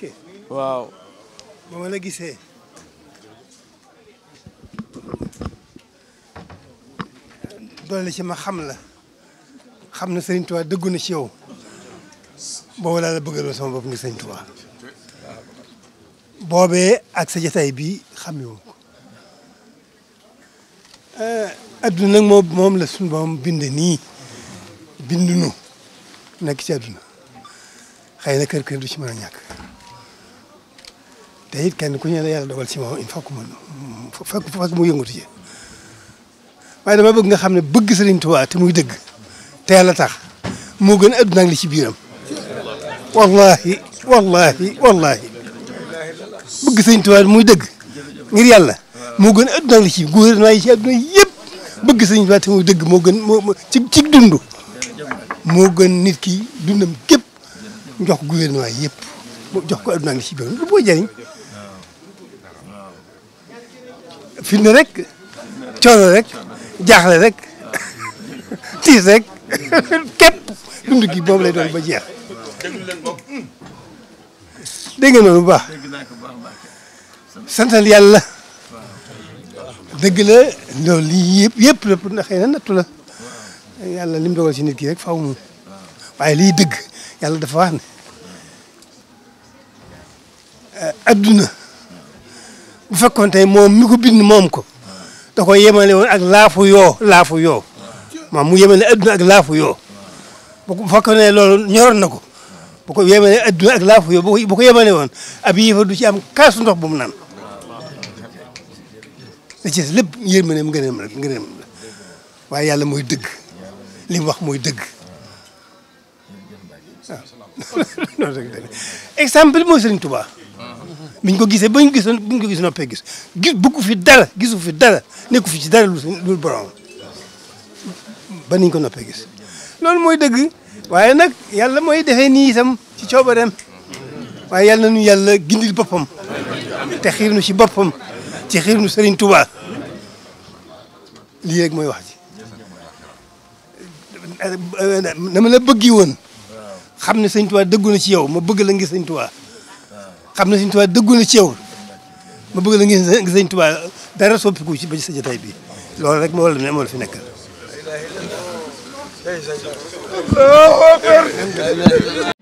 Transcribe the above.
Mbacké waaw ba ma la gisee doole ci ma xam la xam na Serigne Touba dëggu na ci yow boobu laa la bëggaloon sama bopp ngi Serigne Touba boobee ak sa bi xam yow ko eh, nag moom moom la suñu moom bind nii bind nu nekk ci adduna xëy na kër kër du ci mën a ñàkk te it kenn ku ñu ne yàlla dogal ci moom il faut que mu fekk fekk mu yëngatu dama bëgg nga xam ne bëgg Sëriñ Tuubaa te muy dëgg te yàlla tax moo gën a àdduna ak ci biiram wallahi wallahi wallahi bëgg Sëriñ Tuubaa muy dëgg ngir yàlla moo gën a àdduna ak li ci gouvernement yi ci àdduna yëpp bëgg muy dëgg moo gën moo ci ci dund gën nit ki dundam képp jox gouvernement yëpp jox ko àdduna ak li ci biiram lu fitna rek coono rek jaaxle rek tiis rek képp dund gi boobu lay doon ba jeex dégg nga noonu bu baax santal yàlla dëgg la lii yëpp yëpp lépp na xëy na nattu la yàlla li mu dogal ci nit mu waaye lii dëgg yàlla dafa wax eh, bu fekkoon tey moom mi ko bind moom ko da ko yemale woon ak laafu yoo laafu yoo maam mu yemale adduna ak laafu yoo bu fekkoon ne loolu na ko bu ko yemale adduna ak laafu yoo bu ab yéefa du ci am kaasu ndox bu mu naan da ci lépp yërmandeem mu rek ngëneem la waaye yàlla mooy dëgg li mu wax mooy dëgg waaw exemple biñ ko gisee bañ gisoon buñ ko gis noppee gis gis bëggu fi dara gisu fi dara nekku fi ci dara lu lu borom ko noppee gis loolu mooy dëgg waaye nag yàlla mooy defee nii itam ci coobareem waaye yàlla nañu yàlla gindil boppam te xiir nu ci boppam ci xiir nu Serigne Touba lii rek mooy wax ji na ma la bëggi woon xam ne Serigne Touba dëggu na ci yow ma bëgg la ngir Serigne Touba xam ne Sëñ Tuubaa dëggu na ci yow ma bëgg la ngeen gis Sëñ Tuubaa dara soppiku ci ba ci sa jotaay bi loolu rek moo la ne moo la fi nekkal. Allahu akbar